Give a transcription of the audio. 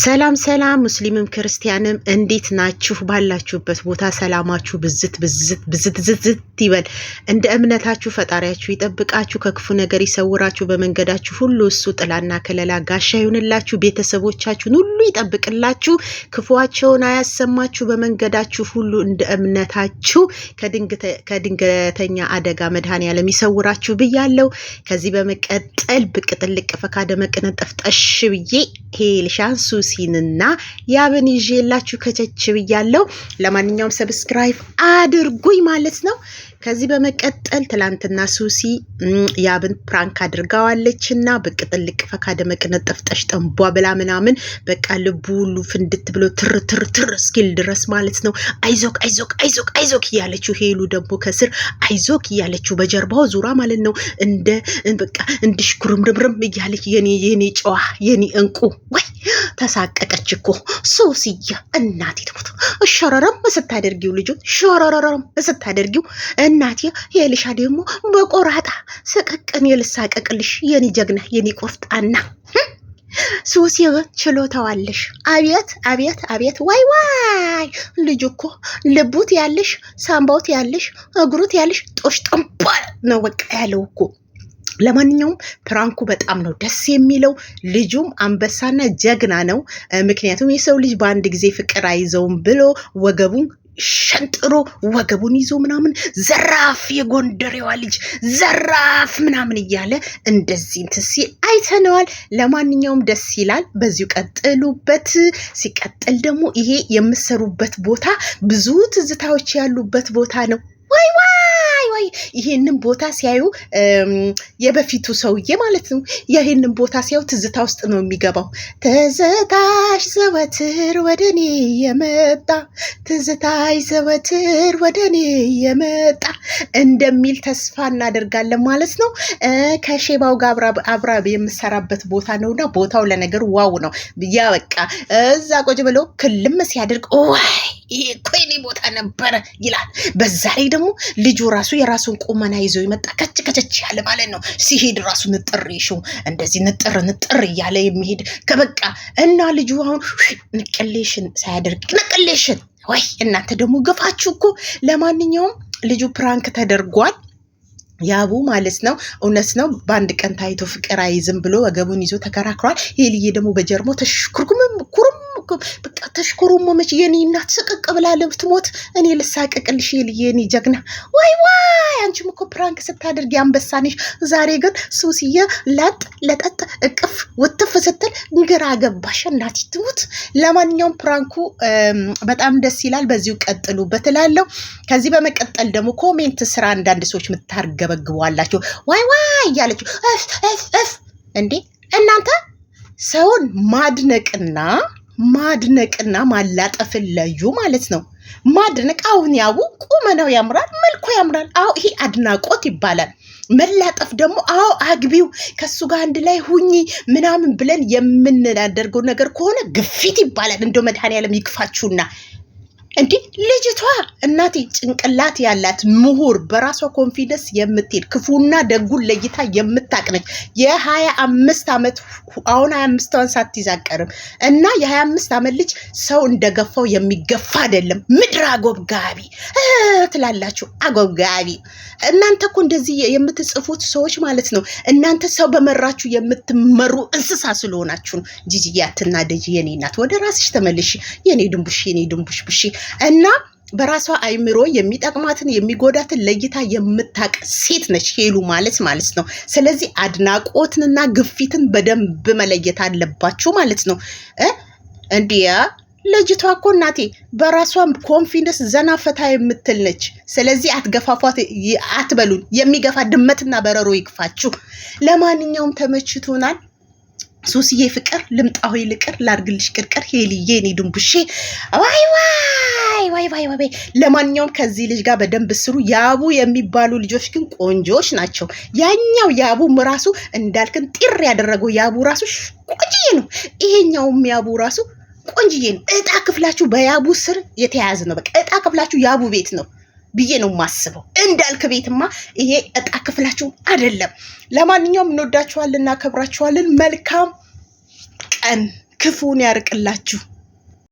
ሰላም ሰላም፣ ሙስሊምም ክርስቲያንም እንዴት ናችሁ? ባላችሁበት ቦታ ሰላማችሁ ብዝት ብዝት ብዝት ዝዝት ይበል። እንደ እምነታችሁ ፈጣሪያችሁ ይጠብቃችሁ፣ ከክፉ ነገር ይሰውራችሁ፣ በመንገዳችሁ ሁሉ እሱ ጥላና ከለላ ጋሻ ይሁንላችሁ፣ ቤተሰቦቻችሁን ሁሉ ይጠብቅላችሁ፣ ክፉዋቸውን አያሰማችሁ፣ በመንገዳችሁ ሁሉ እንደ እምነታችሁ ከድንገተኛ አደጋ መድኃኔዓለም ይሰውራችሁ ብያለሁ። ከዚህ በመቀጠል ብቅ ጥልቅ ፈካደ መቅነጠፍ ጠሽ ብዬ ሄልሻንሱ ሉሲንና ያብን ይዤላችሁ ከቸች ብያለሁ። ለማንኛውም ሰብስክራይብ አድርጉኝ ማለት ነው። ከዚህ በመቀጠል ትላንትና ሱሲ ያብን ፕራንክ አድርጋዋለች እና ብቅ ጥልቅ ፈካ ደመቅ ነጠፍ ጠንቧ ብላ ምናምን በቃ ልቡ ሁሉ ፍንድት ብሎ ትር ትር ትር እስኪል ድረስ ማለት ነው። አይዞክ አይዞክ አይዞክ አይዞክ እያለችው ሄሉ ደግሞ ከስር አይዞክ እያለችው በጀርባው ዙራ ማለት ነው። እንደ በቃ እንድሽኩርምርምርም እያለች የኔ የኔ ጨዋ የኔ እንቁ ወይ ተሳቀቀች እኮ ሶስዬ፣ እናቴ ትሙት። ሸረረም ስታደርጊው ልጁ ሸረረረም ስታደርጊው እናቴ። የልሻ ደግሞ በቆራጣ ስቅቅን የልሳቀቅልሽ የኔ ጀግና የኔ ቆፍጣና ሱሲ ችሎታዋለሽ። አቤት አቤት አቤት! ዋይ ዋይ! ልጅ እኮ ልቡት ያለሽ፣ ሳምባውት ያለሽ፣ እግሩት ያለሽ ጦሽ ጠንቧል ነው በቃ ያለው እኮ ለማንኛውም ፕራንኩ በጣም ነው ደስ የሚለው። ልጁም አንበሳና ጀግና ነው። ምክንያቱም የሰው ልጅ በአንድ ጊዜ ፍቅር አይዘውም ብሎ ወገቡን ሸንጥሮ ወገቡን ይዞ ምናምን ዘራፍ የጎንደሬዋ ልጅ ዘራፍ ምናምን እያለ እንደዚህ እንትን ሲል አይተነዋል። ለማንኛውም ደስ ይላል። በዚሁ ቀጥሉበት። ሲቀጥል ደግሞ ይሄ የምሰሩበት ቦታ ብዙ ትዝታዎች ያሉበት ቦታ ነው። ወይ ወይ ወይ ይሄንን ቦታ ሲያዩ የበፊቱ ሰውዬ ማለት ነው። ይሄንን ቦታ ሲያዩ ትዝታ ውስጥ ነው የሚገባው። ትዝታሽ ዘወትር ወደ እኔ የመጣ ትዝታሽ ዘወትር ወደ እኔ የመጣ እንደሚል ተስፋ እናደርጋለን ማለት ነው። ከሼባው ጋር አብራ የምሰራበት ቦታ ነውና ቦታው ለነገር ዋው ነው። ያ በቃ እዛ ቆጭ ብሎ ክልም ሲያደርግ ዋይ ይሄ እኮ የኔ ቦታ ነበረ ይላል። በዛ ላይ ደግሞ ልጁ ራሱ የራሱን ቁመና ይዞ ይመጣ ከች ከቸች ያለ ማለት ነው። ሲሄድ ራሱ ንጥር ይሹ እንደዚህ ንጥር ንጥር እያለ የሚሄድ ከበቃ እና ልጁ አሁን ነቀሌሽን ሳያደርግ ነቀሌሽን ወይ እናንተ ደግሞ ግፋችሁ እኮ። ለማንኛውም ልጁ ፕራንክ ተደርጓል። ያቡ ማለት ነው። እውነት ነው። በአንድ ቀን ታይቶ ፍቅር አይዝም ብሎ ወገቡን ይዞ ተከራክሯል። ይሄ ልዬ ደግሞ በጀርሞ ተሽኩርኩምም ኩርም በቃ ተሽኮረመመች። የኔ እናት ስቅቅ ብላ ልትሞት እኔ ይል የኔ ጀግና። ወይ ወይ አንቺም እኮ ፕራንክ ስታደርግ አንበሳ ዛሬ ግን ሱስዬ ለጥ ለጠጥ እቅፍ ውትፍ ስትል ግራ ገባሽ። እናት ትሙት። ለማንኛውም ፕራንኩ በጣም ደስ ይላል። በዚሁ ቀጥሉበት እላለሁ። ከዚህ በመቀጠል ደግሞ ኮሜንት ስራ አንዳንድ ሰዎች የምታርገበግቧላቸው ዋይ ዋይ እያለችው እፍ እፍ እፍ እንዴ እናንተ ሰውን ማድነቅና ማድነቅና ማላጠፍን ለዩ ማለት ነው። ማድነቅ አሁን ያቡ ቁመናው ያምራል፣ መልኩ ያምራል። አዎ ይሄ አድናቆት ይባላል። መላጠፍ ደግሞ አዎ አግቢው ከሱ ጋር አንድ ላይ ሁኚ ምናምን ብለን የምናደርገው ነገር ከሆነ ግፊት ይባላል። እንደው መድኃኔዓለም ይክፋችሁና እንዲ ልጅቷ እናቴ ጭንቅላት ያላት ምሁር በራሷ ኮንፊደንስ የምትሄድ ክፉና ደጉን ለይታ የምታቅ ነች። የሀያ አምስት ዓመት አሁን ሀያ አምስቷን ሳትይዝ አትቀርም እና የሀያ አምስት ዓመት ልጅ ሰው እንደገፋው የሚገፋ አይደለም። ምድር አጎብጋቢ ትላላችሁ። አጎብጋቢ እናንተ እኮ እንደዚህ የምትጽፉት ሰዎች ማለት ነው። እናንተ ሰው በመራችሁ የምትመሩ እንስሳ ስለሆናችሁ ነው። ጂጂዬ አትናደጂ የኔ እናት፣ ወደ ራስሽ ተመልሽ የኔ ድንቡሽ፣ የኔ ድንቡሽ ብሽ እና በራሷ አይምሮ የሚጠቅማትን የሚጎዳትን ለይታ የምታቅ ሴት ነች ሄሉ ማለት ማለት ነው። ስለዚህ አድናቆትንና ግፊትን በደንብ መለየት አለባችሁ ማለት ነው። እንዲያ ልጅቷ እኮ እናቴ በራሷ ኮንፊደንስ ዘና ፈታ የምትል ነች። ስለዚህ አትገፋፏት፣ አትበሉን። የሚገፋ ድመትና በረሮ ይግፋችሁ። ለማንኛውም ተመችቶናል። ሱስዬ ፍቅር ልምጣ ሆይ ልቅር ላርግልሽ ቅርቅር ሄልዬ እኔ ድንቡሼ ዋይ ዋይ ዋይ ዋይ ዋይ። ለማንኛውም ከዚህ ልጅ ጋር በደንብ ስሩ። ያቡ የሚባሉ ልጆች ግን ቆንጆዎች ናቸው። ያኛው ያቡም ራሱ እንዳልክን ጢር ያደረገው ያቡ ራሱ ቆንጅዬ ነው። ይሄኛውም ያቡ ራሱ ቆንጅዬ ነው። እጣ ክፍላችሁ በያቡ ስር የተያያዘ ነው። በቃ እጣ ክፍላችሁ ያቡ ቤት ነው። ብዬ ነው የማስበው። እንዳልክ ቤትማ ይሄ እጣ ክፍላችሁ አይደለም። ለማንኛውም እንወዳችኋለን፣ እናከብራችኋለን። መልካም ቀን፣ ክፉን ያርቅላችሁ።